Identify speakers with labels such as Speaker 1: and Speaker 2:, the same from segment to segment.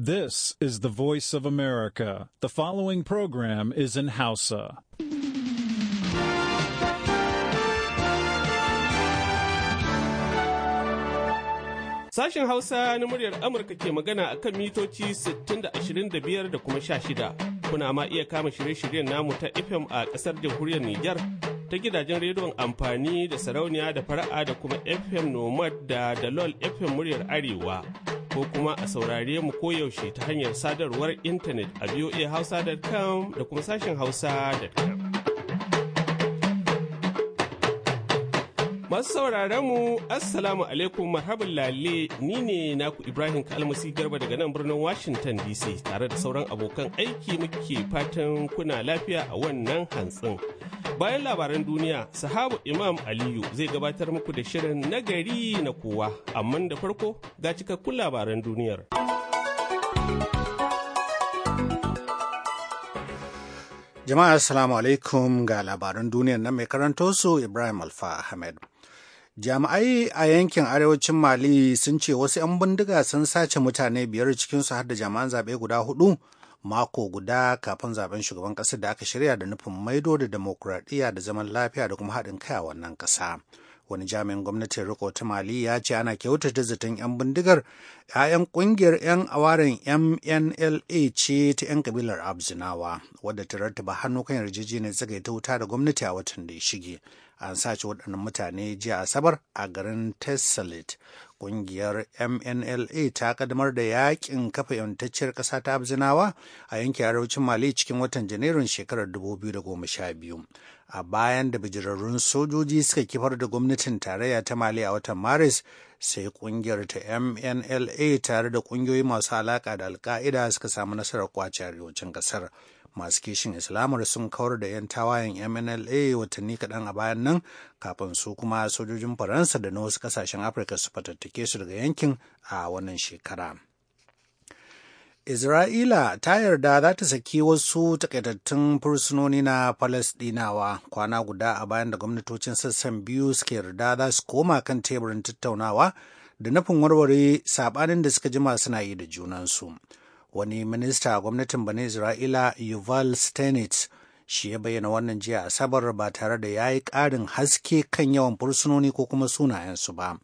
Speaker 1: This is the voice of America. The following program is in Hausa.
Speaker 2: Sashen Hausa na muryar Amurka ke magana a kan mitoci 60-25 da kuma 16. Kuna ma iya kama shirye-shiryen namu ta FM a ƙasar jamhuriyar Nijar ta gidajen rediyon amfani da sarauniya da fara'a da kuma FM Nomad da Dalol FM muryar Arewa. ko kuma a saurare mu koyaushe ta hanyar sadarwar intanet a voahausa.com da kuma sashen hausa.com. Masu sauraron mu Assalamu alaikum marhaban lalle ni ne naku Ibrahim Kalmasi Garba daga nan birnin Washington DC tare da sauran abokan aiki muke fatan kuna lafiya a wannan hantsin. Bayan labaran duniya, sahabu Imam Aliyu zai gabatar muku da shirin nagari na kowa, amma da farko ga cikakkun labaran duniyar.
Speaker 1: Jama'a Assalamu alaikum ga labaran duniyar nan mai karanto su Ibrahim Alfa Ahmed. Jami'ai a yankin arewacin Mali sun ce wasu 'yan bindiga sun sace mutane biyar cikinsu har da jami'an zaɓe guda hudu mako guda kafin zaben shugaban ƙasar da aka shirya da nufin maido da demokuraɗiyya da zaman lafiya da kuma haɗin kai a wannan ƙasa. Wani jami'in gwamnatin riko ta Mali ya ce ana kyautata zaton 'yan bindigar 'ya'yan ƙungiyar 'yan awaren MNLA ce ta 'yan kabilar Abzinawa wadda ta rattaba hannu kan yarjejeniyar tsagaita wuta da gwamnati a watan da ya shige. an sace waɗannan mutane jiya asabar a garin tessalit ƙungiyar mnla ta kaddamar da yakin kafa yantacciyar ƙasa ta abzinawa a yankin arewacin mali cikin watan janairun shekarar 2012 a bayan da bijirarrun sojoji suka kifar da gwamnatin tarayya ta mali a watan maris sai ƙungiyar ta mnla tare da ƙungiyoyi masu alaƙa da alka'ida suka samu nasarar kwace arewacin kasar masu kishin islamar sun kawar da 'yan tawayen mnla watanni kaɗan a bayan nan kafin su kuma sojojin faransa da na wasu ƙasashen afirka su fatattake su daga yankin a wannan shekara Isra'ila ta yarda za ta saki wasu takaitattun fursunoni na Falasɗinawa kwana guda a bayan da gwamnatocin sassan biyu suke yarda za su koma kan teburin tattaunawa da nufin warware saɓanin da suka jima suna yi da junansu. wani minista a gwamnatin bane isra'ila yuval stenitz shi ya bayyana wannan jiya asabar ba tare da ya yi ƙarin haske kan yawan fursunoni ko kuma sunayensu ba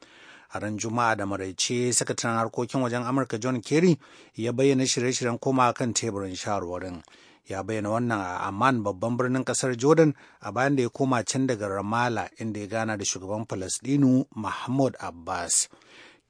Speaker 1: a ran juma'a da maraice sakataren harkokin wajen amurka john kerry ya bayyana shirye-shiryen koma kan teburin shawarwarin ya bayyana wannan a amman babban birnin kasar jordan a bayan da ya koma can daga Ramala inda ya gana da shugaban falasdinu mahmud abbas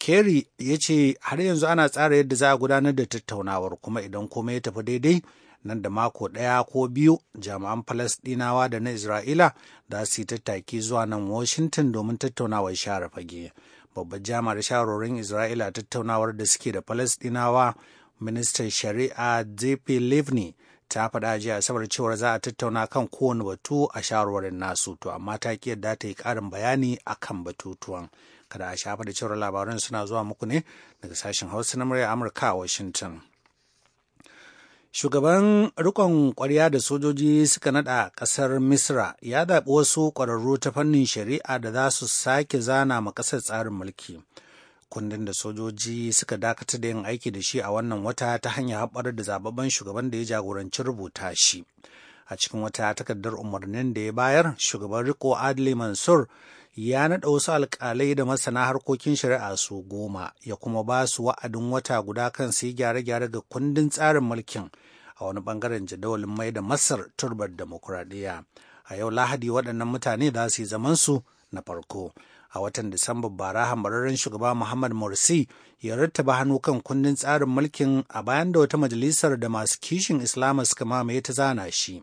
Speaker 1: Kerry ya ce har yanzu ana tsara yadda za a gudanar da tattaunawar kuma idan komai ya tafi daidai nan da mako ɗaya ko biyu jami'an Falasɗinawa da na Isra'ila za su yi tattaki zuwa nan Washington domin tattaunawar share fage. Babbar jami'ar shawarorin Isra'ila tattaunawar da suke da Falasɗinawa ministan shari'a JP Livni ta faɗa jiya asabar cewar za a tattauna kan kowane batu a shawarwarin nasu to amma ta ƙi yadda ta yi ƙarin bayani akan batutuwan. kada a shafa da cewar labaran suna zuwa muku ne daga sashen hausa na murya amurka a washington shugaban rikon kwarya da sojoji suka nada kasar misra ya zaɓi wasu ƙwararru ta fannin shari'a da za su sake zana ma ƙasar tsarin mulki kundin da sojoji suka dakata da yin aiki da shi a wannan wata ta hanyar haɓar da zababben shugaban da ya jagoranci rubuta shi a cikin wata takardar umarnin da ya bayar shugaban riko adli mansur ya naɗa wasu alƙalai da masana harkokin shari'a su goma ya kuma ba su wa'adin wata guda kan su yi gyare-gyare ga kundin tsarin mulkin a wani bangaren jadawalin mai da masar turbar demokuraɗiyya a yau lahadi waɗannan mutane za su yi su na farko a watan disamba bara hamararren shugaba muhammad morsi ya rattaba hannu kan kundin tsarin mulkin a bayan da wata majalisar da masu kishin islamu suka mamaye ta zana shi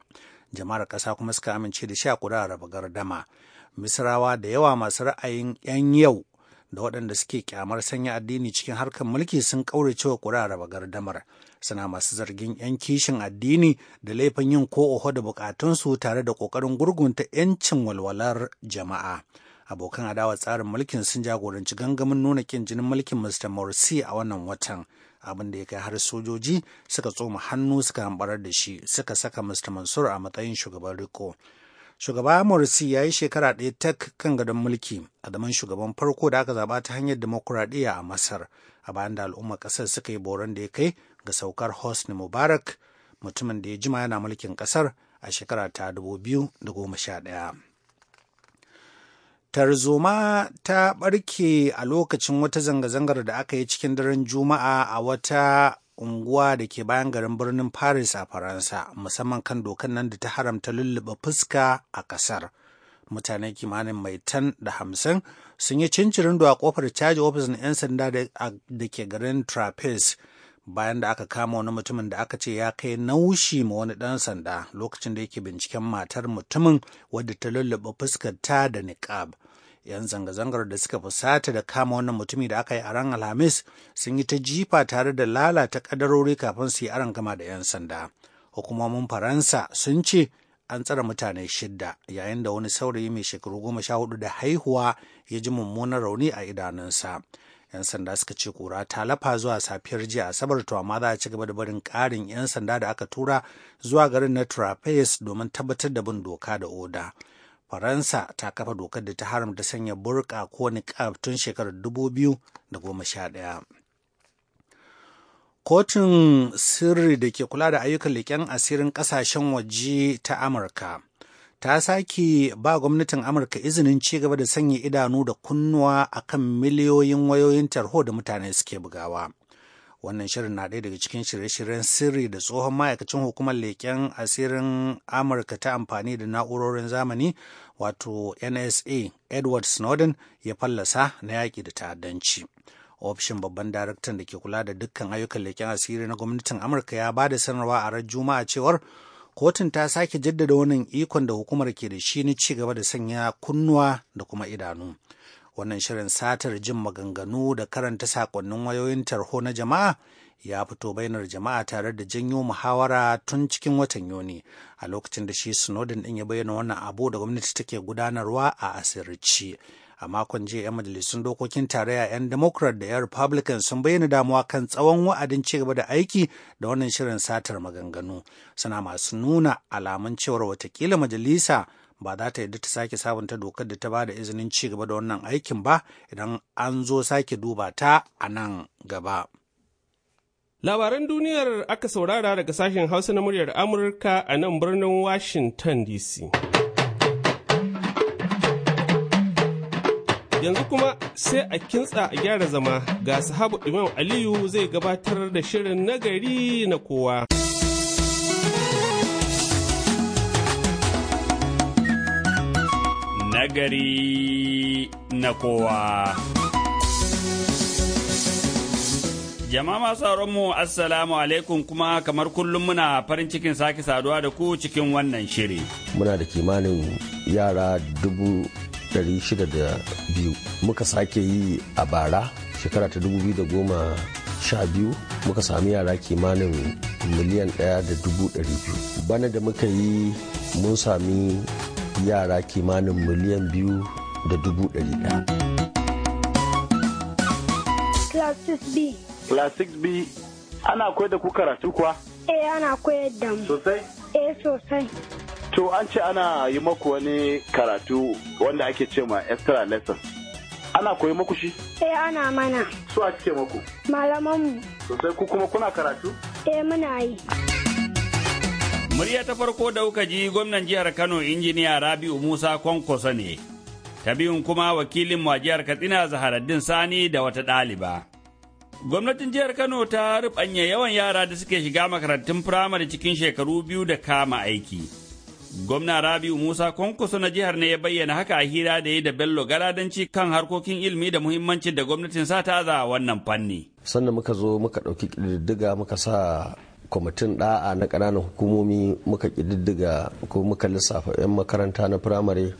Speaker 1: jama'ar ƙasa kuma suka amince da sha a raba gardama misrawa da yawa masu ra'ayin 'yan yau da waɗanda suke kyamar sanya addini cikin harkar mulki sun cewa ƙuri'ar raba gardamar suna masu zargin 'yan kishin addini da laifin yin ko oho da bukatunsu tare da ƙoƙarin gurgunta 'yancin walwalar jama'a abokan adawa tsarin mulkin sun jagoranci gangamin nuna ƙin jinin mulkin mr morsi a wannan watan abin da ya kai har sojoji suka tsoma hannu suka hambarar da shi suka saka mr mansur a matsayin shugaban riko Shugaba Morsi ya yi shekara ɗaya tak kan gadon mulki a zaman shugaban farko da aka zaba ta hanyar demokuraɗiyya a Masar a bayan da al'ummar ƙasar suka yi boron da ya kai ga saukar Hosni Mubarak mutumin da ya jima yana mulkin ƙasar a shekara ta ɗaya. tarzoma ta ɓarke a lokacin wata zanga-zangar da aka yi cikin daren juma'a a wata unguwa da ke bayan garin birnin Paris a Faransa, musamman kan dokan nan da ta haramta lulluɓe fuska a ƙasar. Mutane kimanin mai tan da hamsin sun yi cincirin a kofar caji ofis na 'yan sanda da ke garin Trapez bayan da aka kama wani mutumin da aka ce ya kai naushi ma wani ɗan sanda lokacin da yake binciken matar mutumin wadda ta lulluɓe fuskar ta da niƙab. 'yan zanga-zangar da suka fusata da kama wannan mutumi da aka yi a ran alhamis sun yi ta jifa tare da lalata kadarori kafin su yi aron gama da 'yan sanda hukumomin faransa sun ce an tsare mutane shidda yayin da wani saurayi mai shekaru goma sha hudu da haihuwa ya ji mummunan rauni a idanunsa 'yan sanda suka ce kura ta lafa zuwa safiyar jiya asabar to amma za a ci gaba da barin ƙarin 'yan sanda da aka tura zuwa garin na trapez domin tabbatar da bin doka da oda faransa ta kafa dokar da ta haramta sanya burka ko niqab tun shekarar 2011 kotun sirri da ke kula da ayyukan leƙen asirin ƙasashen waje ta amurka ta sake ba gwamnatin amurka izinin ci gaba da sanya idanu da kunnuwa akan miliyoyin wayoyin tarho da mutane suke bugawa wannan shirin na ɗaya daga cikin shirye-shiryen sirri da tsohon ma'aikacin hukumar leƙen asirin amurka ta amfani da na'urorin zamani wato nsa edward snowden ya fallasa na yaƙi da ta'addanci ofishin babban daraktan da ke kula da dukkan ayyukan leƙen asiri na gwamnatin amurka ya ba da sanarwa a ran juma'a cewar kotun ta sake jaddada wannan ikon da hukumar ke da shi na ci gaba da sanya kunnuwa da kuma idanu wannan shirin satar jin maganganu da karanta sakonnin wayoyin tarho na jama'a ya fito bainar jama'a tare da janyo muhawara tun cikin watan yuni a lokacin da shi snowden din ya bayyana wannan abu da gwamnati take gudanarwa a asirci a makon jiya 'yan majalisun dokokin tarayya 'yan democrat da 'yan republican sun bayyana damuwa kan tsawon wa'adin ci gaba da aiki da wannan shirin satar maganganu suna masu nuna alamun cewar watakila majalisa ba za ta yadda ta sake sabunta dokar da ta ba da izinin ci gaba da wannan aikin ba idan an zo sake duba ta a nan gaba. Labaran
Speaker 2: duniyar aka saurara daga sashen Hausa na muryar Amurka a nan birnin Washington DC. Yanzu kuma sai a kintsa a gyara zama ga sahabu Imam Aliyu zai gabatar da shirin
Speaker 3: nagari na kowa. nagari na kowa. Jama'a masu mu Assalamu alaikum kuma kamar kullum muna farin cikin sake saduwa da ku cikin wannan shiri.
Speaker 4: Muna da kimanin yara dubu dari shida da biyu muka sake yi a bara shekara ta dubu da goma sha biyu muka sami yara kimanin miliyan ɗaya da dubu ɗari biyu bana da muka yi mun sami yara kimanin miliyan biyu da dubu ɗari ɗaya.
Speaker 5: Classic B.
Speaker 6: Classic B. Ana koyar da ku karatu kuwa?
Speaker 5: Eh ana koyar da mu. Sosai? Eh sosai.
Speaker 6: To an ce ana yi maku wani karatu wanda ake ce ma extra lesson. Ana koyi
Speaker 3: maku shi? Eh ana mana. Su a cike maku? Malamanmu. Sosai ku kuma kuna karatu?
Speaker 5: Eh muna yi.
Speaker 3: Murya ta farko da kuka ji gwamnan jihar Kano injiniya Rabi'u Musa Kwankwaso ne, ta biyun kuma wakilin a jihar Katsina Zaharaddin Sani da wata ɗaliba. Gwamnatin jihar Kano ta rubanya yawan yara da suke shiga makarantun firamare cikin shekaru biyu da kama aiki. Gwamna Rabi'u Musa Kwankwaso na jihar ne ya bayyana haka a hira da ya da Bello Galadanci kan harkokin ilimi da muhimmancin da gwamnatin sa ta za wannan fanni.
Speaker 4: Sannan muka zo muka ɗauki ƙididdiga muka sa kwamitin da'a na ƙananan hukumomi muka kididdiga ko muka lissafa 'yan makaranta na firamare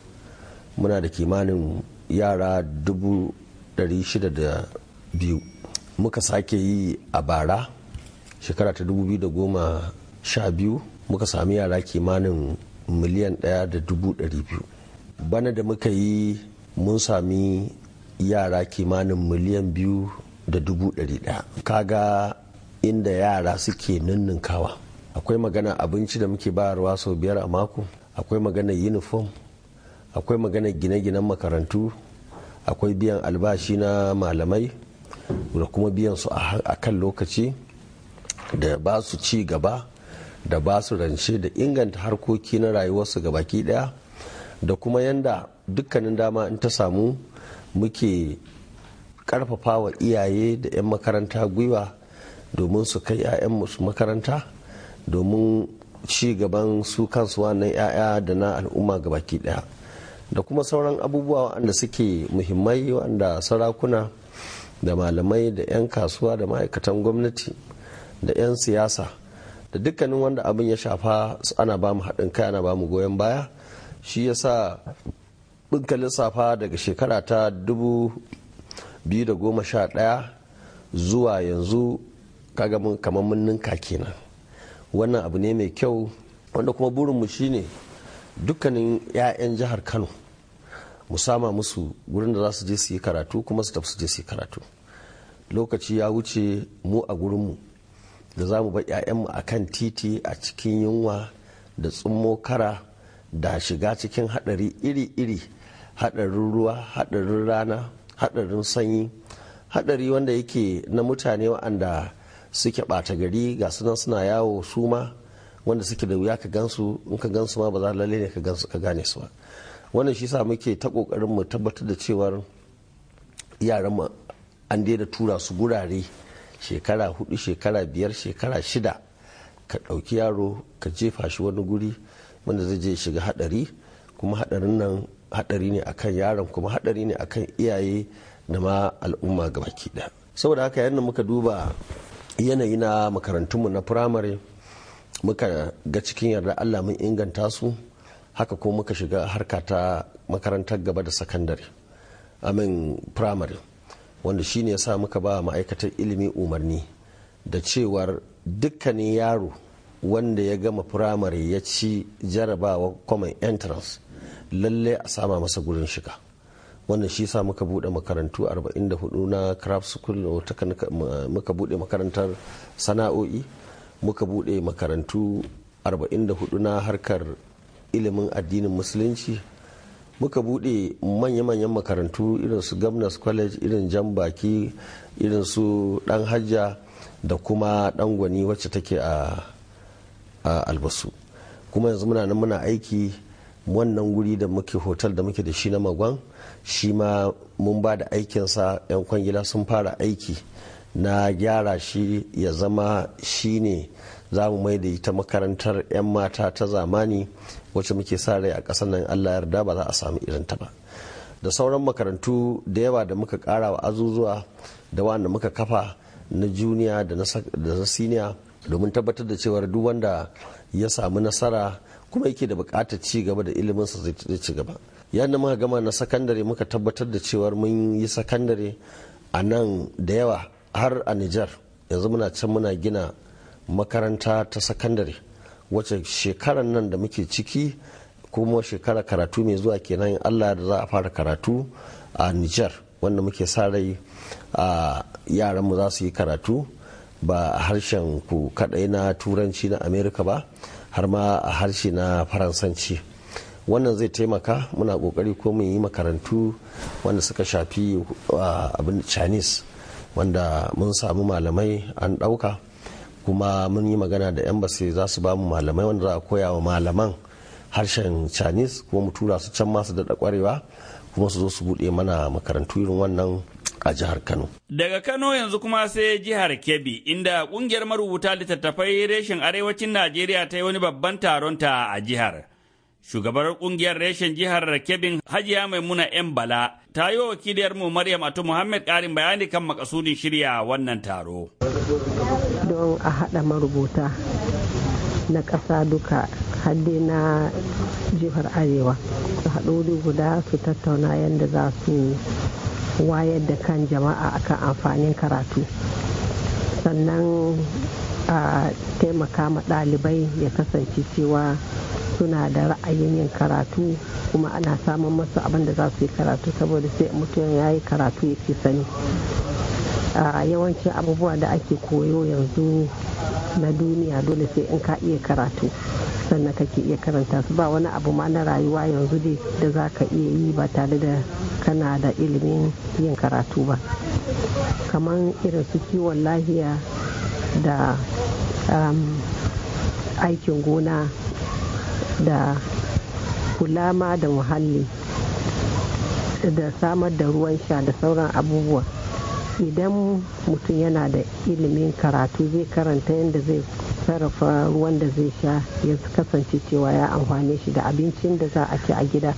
Speaker 4: muna da kimanin yara biyu muka sake yi a bara shekara ta biyu muka sami yara kimanin miliyan biyu bana da muka yi mun sami yara kimanin miliyan biyu da kaga inda yara suke ninninkawa akwai magana abinci da muke bayarwa sau biyar a mako akwai magana uniform akwai magana gine-ginen makarantu akwai biyan albashi na malamai da kuma biyan su a kan lokaci da ba su ci gaba da ba su rance da inganta harkoki na rayuwarsu ga baki daya da kuma yanda dukkanin dama in ta samu muke karfafa wa iyaye da 'yan makaranta gwiwa domin su kai ya'yan su makaranta domin ci gaban su kansu na 'ya'ya da na al'umma ga baki daya da kuma sauran abubuwa wanda suke muhimmai wanda sarakuna da malamai da 'yan kasuwa da ma'aikatan gwamnati da 'yan siyasa da dukkanin wanda abin ya shafa ana ba mu haɗin kai ana ba mu goyon baya shi ya sa ɗinka lissafa daga shekara ta 2011 zuwa yanzu kaga mun kamar mun ninka kenan wannan abu ne mai kyau wanda kuma burin mu shine dukkanin 'ya'yan jihar kano mu sama musu gurin da za su je su yi karatu kuma su tafi su je su yi karatu lokaci ya wuce mu a gurinmu da za mu bar 'ya'yanmu a kan titi a cikin yunwa da tsummo kara da shiga cikin haɗari iri-iri haɗarin ruwa haɗarin rana haɗarin sanyi haɗari wanda yake na mutane wa'anda suke ɓata gari ga sunan suna yawo su ma wanda suke da wuya ka gansu in ka gansu ma ba za lalle ne ka gansu ka gane su ba wannan shi sa muke ta kokarin mu tabbatar da cewar yaran mu an daina tura su gurare shekara hudu shekara biyar shekara shida ka ɗauki yaro ka jefa shi wani guri wanda zai je shiga hadari kuma hadarin nan hadari ne akan yaron kuma hadari ne akan iyaye da ma al'umma gabaki ɗaya saboda haka yadda muka duba yanayi na makarantunmu na firamare muka ga cikin yarda allah mun inganta su haka ko muka shiga harka ta makarantar gaba da sakandare amin firamare wanda shine ya sa muka ba ma'aikatar ilimi umarni da cewar dukkanin yaro wanda ya gama firamare ya ci jarabawa common entrance lallai a sama masa gurin shiga wannan shi sa muka bude makarantu 44 na craft school muka bude makarantar sana'o'i muka bude makarantu 44 na harkar ilimin addinin musulunci muka bude manya-manyan makarantu irin su governors college irin jan baki irin su dan hajja da kuma dan gwani wacce take a albasu kuma yanzu muna nan muna aiki wannan guri da muke hotel da muke da shi na magwan shi ma mun ba da aikinsa 'yan kwangila sun fara aiki na gyara shi ya zama shi ne za mu mai da ita makarantar 'yan mata ta zamani wacce muke sa rai a ƙasar nan allah yarda ba za a samu irinta ba da sauran makarantu da yawa da muka ƙara wa azuzuwa da wanda muka kafa na juniya da na siniya domin tabbatar da cewar duk wanda ya samu nasara kuma yake da bukatar ci gaba da ilimin iliminsa zai ci gaba yan da muka gama na sakandare muka tabbatar da cewar mun yi sakandare a nan da yawa har a Nijar yanzu muna can muna gina makaranta ta sakandare wacce shekarar nan da muke ciki kuma shekara karatu mai zuwa kenan Allah da za a fara karatu a Nijar wanda muke sa rai a yaranmu za su yi karatu ba harshen ku kadai na turanci na Amerika ba har ma a harshe na faransanci wannan zai taimaka muna kokari ko mu yi makarantu wanda suka shafi abin chinese wanda mun samu malamai an ɗauka kuma mun yi magana da embassy za su ba mu malamai wanda za a koya wa malaman harshen chinese kuma mu tura su can masu da kwarewa kuma su zo su bude mana makarantu irin wannan
Speaker 7: a jihar Kano.
Speaker 3: Daga Kano yanzu kuma sai jihar Kebbi inda kungiyar marubuta littattafai reshen arewacin Najeriya ta yi wani babban taron ta a jihar. Shugabar kungiyar reshen jihar kebbi Hajiya Maimuna ‘yan Bala ta yi wakiliyar mu Maryam Atu Muhammad ƙarin bayani kan makasudin shirya wannan taro.
Speaker 5: Don a haɗa marubuta na ƙasa duka hadde na jihar Arewa su haɗu guda su tattauna yadda za su wayar da kan jama'a akan amfanin karatu sannan a taimaka ma ɗalibai ya kasance cewa suna da ra'ayin yin karatu kuma ana samun masu abin da za su yi karatu saboda sai mutum ya yi karatu ya ce sani a yawancin abubuwa da ake koyo yanzu na duniya dole sai in ka iya karatu sannan kake iya karanta su ba wani abu ma na rayuwa yanzu dai da za ka iya yi ba tare da kana da ilimin yin karatu ba kamar irin su kiwon lahiya da um, aikin gona da kulama da muhalli da samar da ruwan sha da sauran abubuwa idan mutum yana da ilimin karatu zai karanta yadda zai sarrafa ruwan da zai sha ya kasance cewa ya amfane shi da abincin da za a ci a gida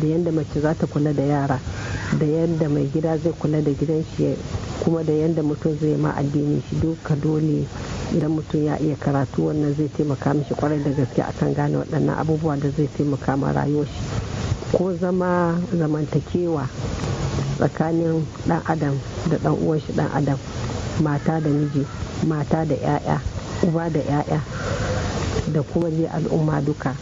Speaker 5: da yadda mace za ta kula da yara da yadda mai gida zai kula da gidan shi kuma da yadda mutum zai ma addini shi duka dole idan mutum ya iya karatu wannan zai taimaka mishi kwarai da gaske akan gane waɗannan abubuwa da zai taimaka ma rayuwar shi ko zama zamantakewa tsakanin dan adam da dan uwan shi dan adam mata da miji mata da 'ya'ya uba da 'ya'ya da kuma je al'umma duka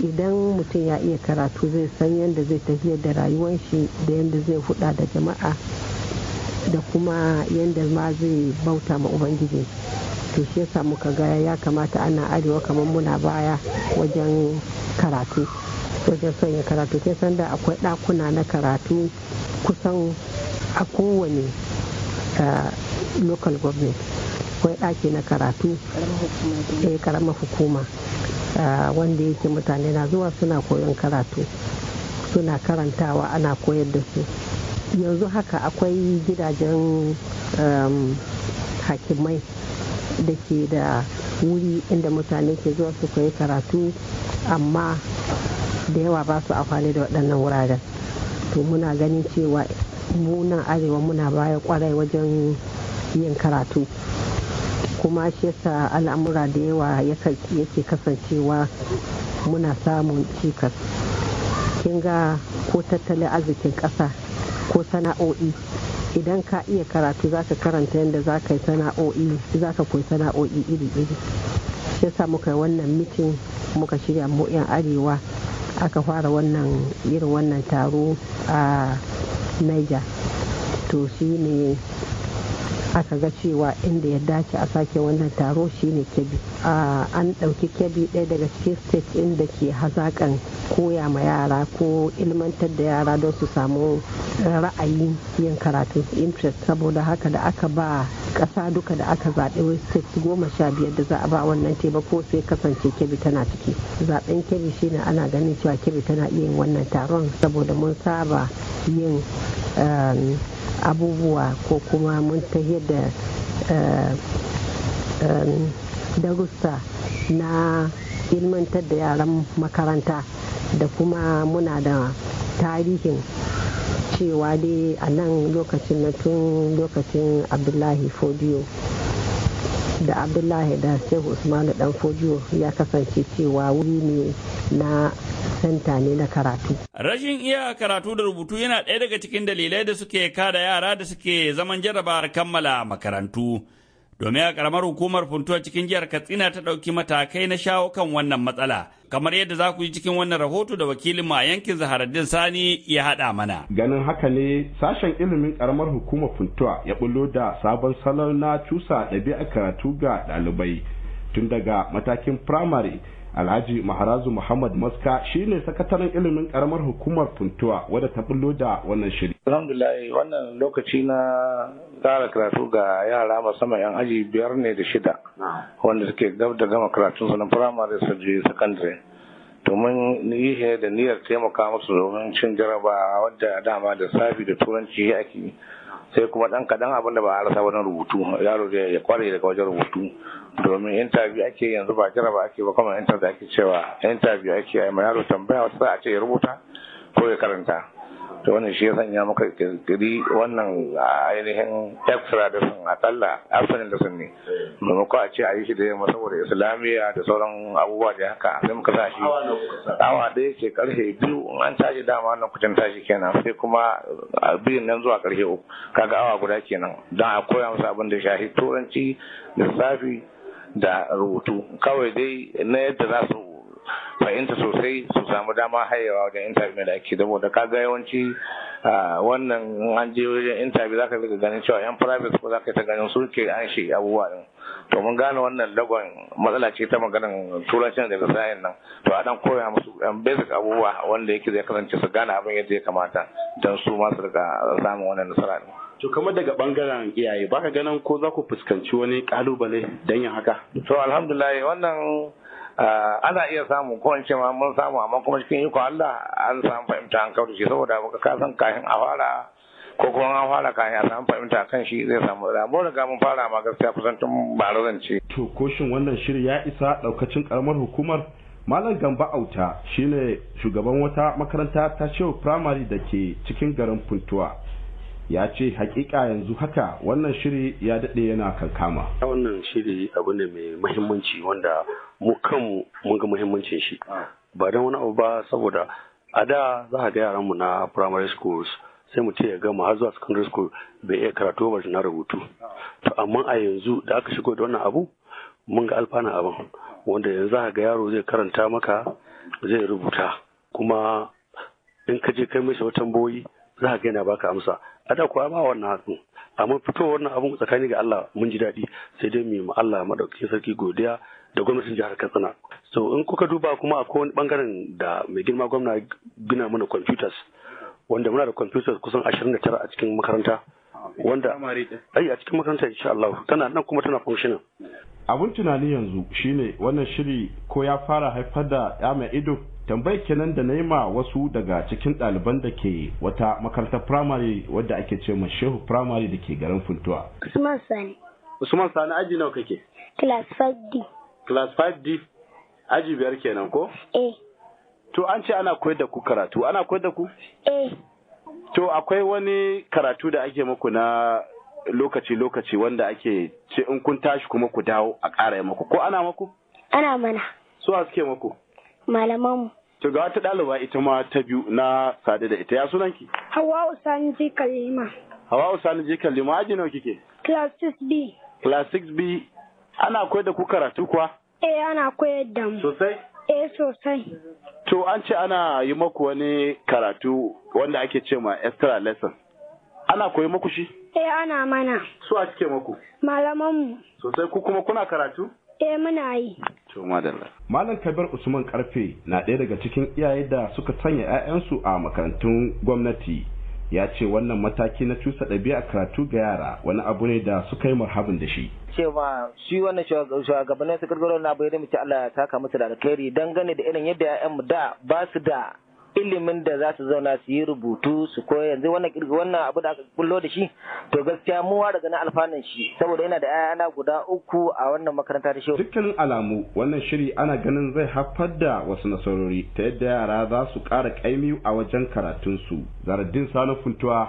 Speaker 5: idan mutum ya iya karatu zai san yadda zai tafiyar da rayuwar shi da yadda zai huda da jama'a da kuma yadda ma zai bauta ma ubangiji to shi yasa muka ga ya kamata ana arewa kamar muna baya wajen karatu wajen sanya karatu kin san da akwai ɗakuna na karatu kusan a kowane eh, local government akwai ɗaki na karatu ɗaya eh, karamar hukuma eh, wanda yake mutane na zuwa suna koyon karatu suna karantawa ana koyar da su yanzu haka akwai gidajen um, hakimai da ke da wuri inda mutane ke zuwa su koyi karatu amma da yawa ba su amfani da waɗannan wuraren to muna ganin cewa munan arewa muna baya kwarai wajen yin karatu kuma shi yasa al'amura da yawa yake kasancewa muna samun cikas kin ga ko tattalin arzikin ƙasa ko sana'o'i idan ka iya karatu za ka karanta yadda za ka yi sana'o'i za ka koyi sana'o'i iri-iri shi yasa muka yi wannan mitin muka shirya mu arewa aka fara wannan irin wannan taro a niger to shi ne aka ga cewa inda ya dace a sake wannan taro shine kebi an ɗauki kebi ɗaya daga cikin state inda ke hazakan koya ma yara ko ilmantar da yara don su samu ra'ayin yin karatu interest saboda haka da aka ba ƙasa duka da aka zaɓi state goma sha biyar da za a ba wannan teba ko sai kasance kebi tana ciki zaɓen kebi shine ana ganin cewa kebi tana iya yin wannan taron saboda mun saba yin um, abubuwa ko kuma mun tahiyar da eh, eh, darussa na ilmantar da yaran makaranta da kuma muna da tarihin cewa dai a nan lokacin na tun lokacin abdullahi fodiyo da abdullahi da shehu usmanu dan fojiyo ya kasance cewa wuri ne na santa ne na karatu
Speaker 3: rashin iya karatu da rubutu yana ɗaya daga cikin dalilai da suke kada yara da suke zaman jarrabawar kammala makarantu domin a karamar hukumar funtuwa cikin jihar katsina ta ɗauki matakai na shawo kan wannan matsala kamar yadda za ku yi cikin wannan rahoto da wakilin ma yankin zaharaddin sani ya haɗa mana
Speaker 6: ganin haka ne sashen ilimin karamar hukumar funtuwa ya bullo da sabon salon na cusa ɗabi'ar karatu ga ɗalibai tun daga matakin firamare alhaji maharazu muhammad maska shi ne sakataren ilimin karamar hukumar tuntuwa wadda ta bullo da wannan shiri
Speaker 8: alhamdulillah wannan lokaci na kara karatu ga yara musamman yan aji biyar ne da shida wanda suke gab da gama karatun su na primary su secondary domin yi da niyyar taimaka musu domin cin jaraba wadda dama da sabi da turanci ake sai kuma dan kadan abin da ba a rasa wani rubutu yaro da ya kware daga wajen rubutu domin interview ake yanzu ba kira ba ake ba kuma interview ake cewa interview ake ai ma yaro tambaya wasu a ce ya rubuta ko ya karanta to wannan shi ya sanya muka kirkiri wannan ainihin extra da sun akalla asalin da sun ne ko a ce a yi shi da yamma saboda islamiyya da sauran abubuwa da haka sai muka sa shi awa ɗaya yake karfe biyu in an tashi dama wannan kucin tashi kenan sai kuma biyun nan zuwa karfe uku kaga awa guda kenan don a koya musu abin da shahi turanci lissafi da rubutu kawai dai na yadda za su fahimta sosai su samu dama hayewa wajen intabi mai da ake ka kaga yawanci wannan an je wajen intabi za ka rika ganin cewa yan private ko za ka yi ta ganin su ke an shi abubuwa din to mun gane wannan lagon matsala ce ta maganin turancin da sayan nan to a dan koya musu yan basic abubuwa wanda yake zai kasance su gane abin yadda ya kamata don su ma su rika samun wannan nasara ne To kamar daga bangaren iyaye baka ganin ko za ku fuskanci wani kalubale don yin haka? To alhamdulillah wannan Ah, ana iya samu ko in ce ma mun samu amma kuma cikin iko Allah an samu fahimta an kawo shi saboda baka ka san kafin a fara ko kuma an fara kafin a samu fahimta kan shi zai samu da mu riga mun fara ma gaskiya kusan tun ba ce to
Speaker 6: shin wannan shiri ya isa daukacin karamar hukumar Malam Gamba Auta shine shugaban wata makaranta ta shehu primary da ke cikin garin Puntuwa ya ce hakika yanzu haka wannan shiri ya daɗe yana kankama. wannan shiri abu ne mai muhimmanci wanda mu kan mun ga muhimmancin shi ah. ba don wani abu ba saboda a da za a ga yaran mu na primary schools sai mu ce ya gama har zuwa secondary school bai iya karatu ba na rubutu to amma a yanzu da aka shigo da wannan abu mun ga alfana abin wanda yanzu za ga yaro zai karanta maka zai rubuta kuma in ka je kai mishi wata tamboyi za ka gina baka amsa a da kuwa ba wannan hatsin amma fito wannan abun tsakani ga Allah mun ji daɗi sai dai mu yi Allah madaukakin sarki godiya da gwamnatin jihar Katsina so in kuka duba kuma akwai wani bangaren da mai girma gwamna gina mana computers wanda muna da computers kusan 29 a cikin makaranta wanda ai a cikin makaranta insha Allah tana nan kuma tana functioning abun tunani yanzu shine wannan shiri ko ya fara haifar da ya mai ido tambayi kenan da na yi ma wasu daga cikin ɗaliban da ke wata makarantar firamare wadda ake ce ma shehu firamare da ke garin funtuwa.
Speaker 5: Usman Sani.
Speaker 6: Usman Sani aji nawa kake?
Speaker 5: Class 5D.
Speaker 6: Class 5D aji biyar kenan ko? Eh. To an ce ana koyar da ku karatu, ana koyar da ku? Eh. To akwai wani karatu da ake muku na lokaci-lokaci wanda ake ce in kun tashi kuma ku dawo a ƙara maku ko ana maku? Ana mana. Su suke maku?
Speaker 5: Malamanmu.
Speaker 6: To ga wata ɗaliba ita ma ta biyu na sadu da ita ya sunanki?
Speaker 5: Hawa Sani je Kalima.
Speaker 6: Hawa Sani je Kalima aji nawa kike?
Speaker 5: Class 6B.
Speaker 6: Class 6B ana koyar da ku karatu kuwa?
Speaker 5: Eh ana koyar da mu. Sosai? Eh sosai.
Speaker 6: To an ce ana yi maku wani karatu wanda ake ce ma extra lesson. Ana koyi maku
Speaker 5: shi? Eh ana mana. Su a cike maku? Malaman mu.
Speaker 6: Sosai ku kuma kuna karatu?
Speaker 5: Eh muna yi.
Speaker 6: Malam Kabir Usman Karfe na ɗaya daga cikin iyaye da suka sanya 'ya'yansu a makarantun gwamnati. Ya ce wannan mataki na cusa ɗabi'a a karatu ga yara wani abu ne da suka yi marhabin da shi.
Speaker 4: cewa shi wannan shugabannin su gargaro na bayyana da mace Allah ya taka musu da alkhairi dangane da irin yadda 'ya'yan mu da ba su da ilimin da za su zauna su yi rubutu su koya yanzu wannan wannan abu da aka kullo da shi to gaskiya mu daga na alfanun shi saboda yana da 'ya'yana guda uku a wannan makaranta ta
Speaker 6: shi dukkanin alamu wannan shiri ana ganin zai haifar da wasu nasarori ta yadda yara za su ƙara kaimi a wajen karatunsu zaradin salo funtuwa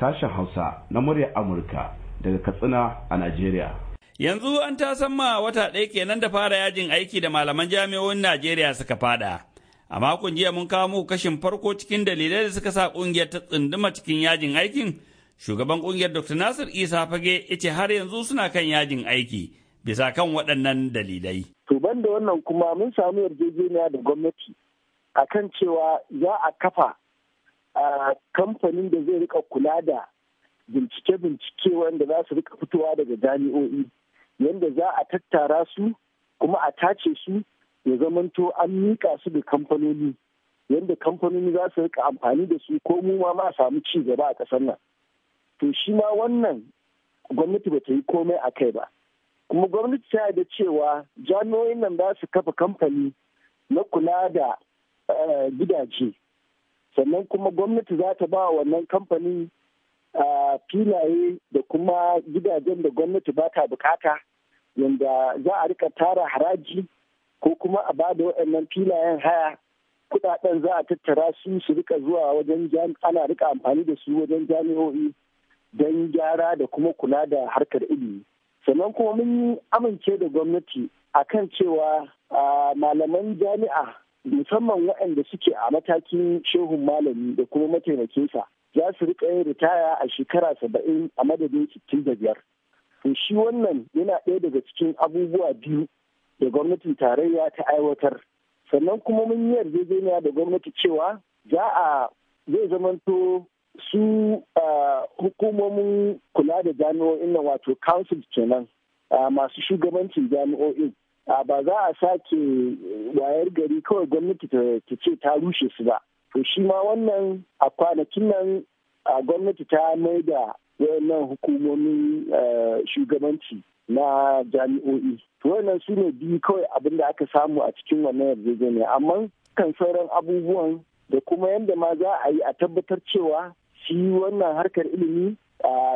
Speaker 6: sashen hausa na murya amurka daga katsina a najeriya
Speaker 3: yanzu an ta ma wata ɗaya kenan da fara yajin aiki da malaman jami'o'in najeriya suka fada A makon jiya mun kawo muku kashin farko cikin dalilai da suka sa ƙungiyar ta tsunduma cikin yajin aikin. Shugaban ƙungiyar Dr. Nasir Isa Fage ya ce har yanzu suna kan yajin aiki bisa kan waɗannan dalilai.
Speaker 7: To ban da wannan kuma mun samu yarjejeniya da gwamnati a kan cewa za a kafa kamfanin da zai rika kula da bincike-bincike wanda za su rika fitowa daga jami'o'i yanda za a tattara su kuma a tace su ya zamanto an miƙa su da kamfanoni yadda kamfanoni za su rika amfani da su ko mu ma ma samu ci gaba a ƙasar nan to shi ma wannan gwamnati ba ta yi komai a kai ba kuma gwamnati ta da cewa jami'o'in nan za su kafa kamfani na kula da eh, gidaje sannan kuma gwamnati za ta ba wannan kamfanin eh, filaye da kuma gidajen da gwamnati ba ta bukata yadda za a rika tara haraji ko kuma a bada waɗannan filayen haya kudaden za a tattara su su rika zuwa wajen ana rika amfani da su wajen jami'o'i don gyara da kuma kula da harkar ilimi sannan kuma mun yi amince da gwamnati A kan cewa malaman jami'a musamman waɗanda suke a matakin shehun malami da kuma mataimakinsa za su rika yin ritaya a shekara saba'in a madadin sittin da biyar shi wannan yana ɗaya daga cikin abubuwa biyu da gwamnatin tarayya ta aiwatar sannan kuma mun yi yarjejeniya da gwamnati cewa za a zai zamanto su hukumomin kula da jami'o'in nan wato council kenan masu shugabancin jami'o'in ba za a sake wayar gari kawai gwamnati ta ce ta rushe su ba to shi ma wannan a kwanakin nan gwamnati ta mai da wayannan hukumomin eh, shugabanci na jami'o'i wannan su ne biyu kawai abin da aka samu a cikin wannan yarjejeniya amma kan sauran abubuwan da kuma yadda ma za a yi a tabbatar cewa shi wannan harkar ilimi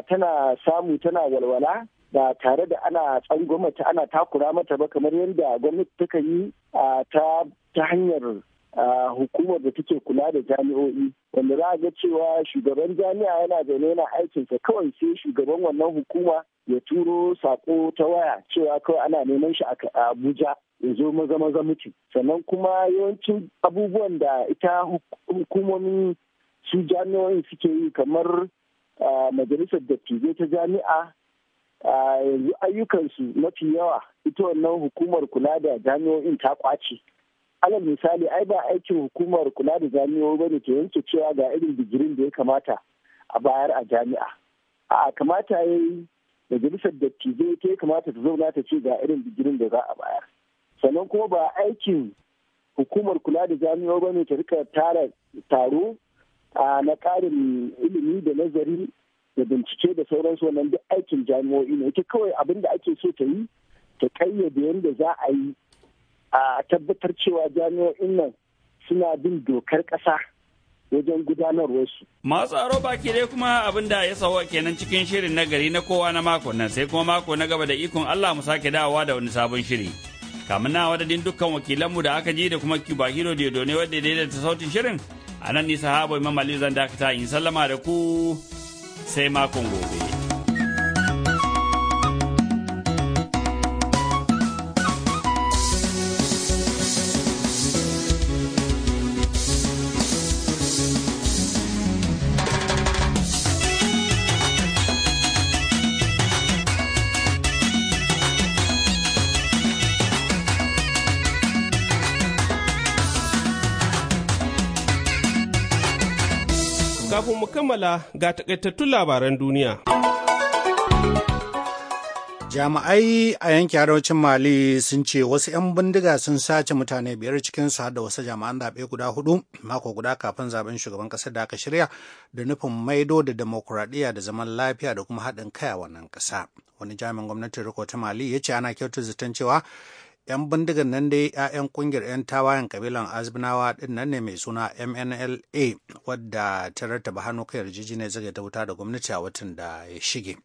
Speaker 7: tana samu tana walwala da tare da ana tsangwamata ana takura mata ba kamar yadda gwamnati ta yi ta hanyar hukumar da take kula da jami'o'i wanda za a ga cewa shugaban jami'a yana zaune yana aikinsa kawai sai shugaban wannan hukuma ya turo sako ta waya cewa kawai ana neman shi a abuja ya zo maza maza mutu sannan kuma yawancin abubuwan da ita hukumomin su jami'o'in suke yi kamar majalisar dattijai ta jami'a yanzu ayyukansu mafi yawa ita wannan hukumar kula da jami'o'in ta kwace alal misali ai ba aikin hukumar kula da jami'o bane ta yanke cewa ga irin digirin da ya kamata a bayar a jami'a a kamata ya yi majalisar dattijai ta ya kamata ta zauna ta ce ga irin digirin da za a bayar sannan kuma ba aikin hukumar kula da jami'o bane ta rika tara taro na ƙarin ilimi da nazari da bincike da sauransu wannan duk aikin jami'o'i ne ita kawai abin da ake so ta yi ta kayyade yadda za a yi a tabbatar cewa jami'o'in nan suna bin dokar ƙasa wajen gudanarwarsu.
Speaker 3: Masu aro baki dai kuma abin da ya sawa kenan cikin shirin na gari na kowa na mako nan sai kuma mako na gaba da ikon Allah mu sake dawowa da wani sabon shiri. Kamin na wadadin dukkan wakilanmu da aka ji da kuma Cuba Hero Dedo ne wadda ya daidaita sautin shirin a nan nisa habo Imam zan dakata in sallama da ku sai makon gobe.
Speaker 2: kammala ga takaitattun labaran duniya.
Speaker 1: Jami'ai a yankin arewacin Mali sun ce wasu 'yan bindiga sun sace mutane biyar cikinsu har da wasu jami'an zaɓe guda hudu mako guda kafin zaben shugaban ƙasar da aka shirya da nufin maido da demokuraɗiyya da zaman lafiya da kuma haɗin kai a wannan ƙasa. Wani jami'in gwamnatin riko ta Mali ya ce ana kyautar zaton cewa 'yan bindigan nan dai 'ya'yan kungiyar 'yan tawayen kabilan azbinawa din nan ne mai suna mnla wadda ta rattaba hannu kai yarjejeniyar zage ta wuta da gwamnati a watan da ya shige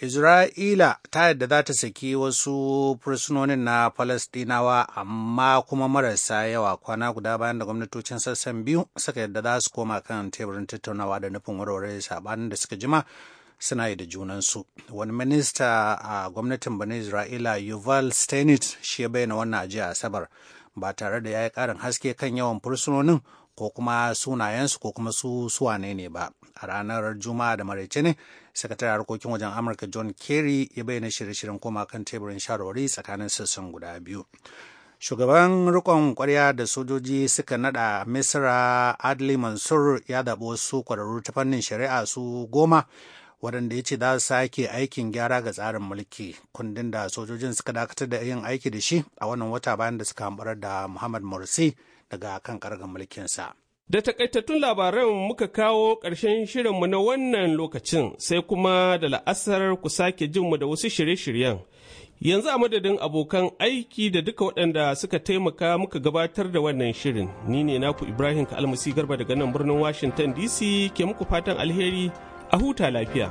Speaker 1: isra'ila ta yadda za ta saki wasu fursunonin na falastinawa amma kuma marasa yawa kwana guda bayan da gwamnatocin sassan biyu suka yadda za su koma kan teburin tattaunawa da nufin warware sabanin da suka jima suna yi da junansu wani minista a gwamnatin Bani isra'ila yuval stenit shi ya bayyana wannan ajiya asabar ba tare da ya yi ƙarin haske kan yawan fursunonin ko kuma sunayensu ko kuma su suwane ne ba a ranar juma'a da maraice ne sakataren harkokin wajen amurka john kerry ya bayyana shirye-shiryen koma kan teburin shawarwari tsakanin sassan guda biyu shugaban rikon kwarya da sojoji suka nada misra adli mansur ya zaɓi wasu kwararru ta fannin shari'a su goma waɗanda ya ce za su sake aikin gyara ga tsarin mulki kundin da sojojin suka dakatar da yin aiki da shi a wannan wata bayan da suka hamɓarar da muhammad morsi daga kan ƙargar mulkinsa.
Speaker 2: Da takaitattun labaran muka kawo ƙarshen shirinmu na wannan lokacin sai kuma da la'asar ku sake jinmu da wasu shirye-shiryen. Yanzu a madadin abokan aiki da duka waɗanda suka taimaka muka gabatar da wannan shirin, ni ne naku Ibrahim ka almasi Garba daga nan birnin Washington DC ke muku fatan alheri. a huta lafiya.